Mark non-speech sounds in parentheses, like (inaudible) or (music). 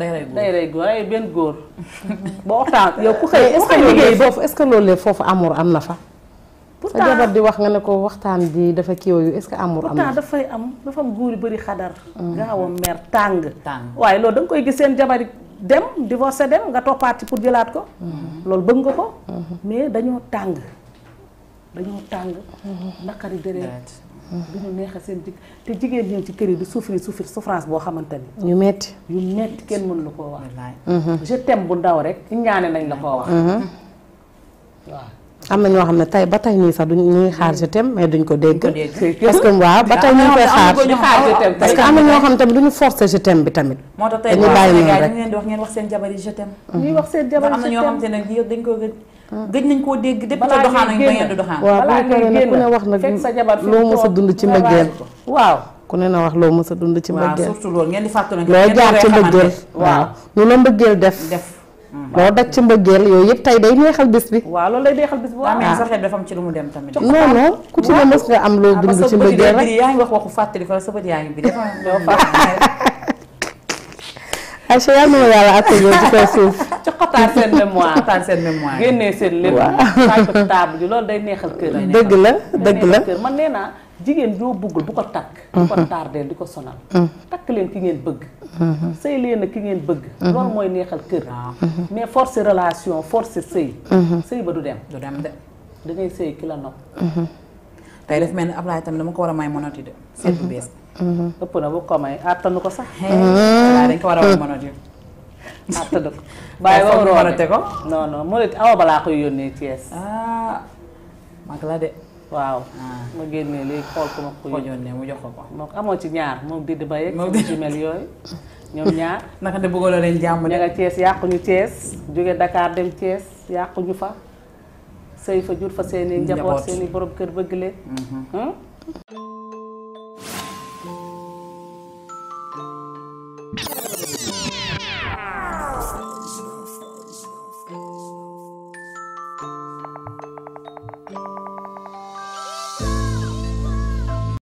day rey góor day ay benn góor. (laughs) boo waxtaan yow ku xëy est-ce que liggéey boobu est-ce que foofu amour am na fa. pourtant sa jabar di wax nga ne ko waxtaan bi dafa kii yooyu est-ce que amour am na. pourtant dafay am dafa am góor yu bëri xadar. Mm. gaaw a mer tàng. tàng waaye loolu da koy gis seen jabar yi dem divorcé dem nga toppaati pour jëlaat ko. Mm-hmm. loolu bëgg nga ko. Mm-hmm. mais dañoo tàng. dañoo tàng naqari deret duñu neexal seen jig te jigéen ñi ci kër yi di souffrir souffrir souffrance boo xamante ni ñu metti yu metti kenn mënu la koo wax mhm. je t'aime bu ndaw rek ñaane nañ la koo wax mhm. am na ñoo xam ne tey ba tey nii sax duñ ñuy xaar je t'aime mais duñ ko dégg. (laughs) parce que waaw ba tey ñu koy xaar parce que am na ñoo xam tamit duñu forcer je t'aime bi tamit. moo tax tey leen wax seen jabar yi je dañ ko gën. Hmm. gëj nañ koo dégg depuis te doxaan nañ ba ngeen di doxaan. balaa ngay génn waaw ku ne a dund ci mbëggeel waaw. ku ne na wax loo mës a dund ci mbëggeel. waaw surtout loolu ngeen di fàttali. loo jaar ci mbëggeel waaw ñu la mbëggeel def loo mhm. daj ci mbëggeel yooyu yëpp tey day neexal bis bi. waaw loolu lay neexal bis bu waaw ah. mais sa xel dafa am ci ku ci ne mës nga am loo ah, dund ci mbëggeel rek yaa ngi wax waxu fàttali fa sa bët yaa (laughs) (laughs) suuf. taal seen mémoire (laughs) taal seen mémoire génnee seen lépp taaj ko table ji loolu day neexal kër (laughs) dëgg la dëgg la kër man nee naa jigéen joo bëggul bu ko takk bu ko mhm. tardeel di ko sonal mhm. takk leen ki ngeen bëgg mhm. sëy leen ak ki ngeen bëgg loolu mooy neexal kër mais force relation forcer sëy sëy ba du dem du dem de dangay ngay sëy ki la nopp tey daf mel ni Ablaye tamit dama ko war a may monote de seet bu bees ëpp na bu ko may attanu ko sax dañ ko war a ah tëdd ko. waaye waroo warate ko. non non moo leen awa balaa koy yónnee Thiès. Ah, mag la de. waaw ah. ma génnee léegi xool ko ma ko yónnee amoo ci ñaar moom didd ba yeeg. moom didd mel yooyu. (laughs) ñoom ñaar naka de bëggoon na leen jàmm de. nga Thiès yàqu ñu Thiès jóge Dakar dem Thiès yàqu ñu fa sëy fa jur fa seen njaboot seen borom kër bëgg leen. Mhm.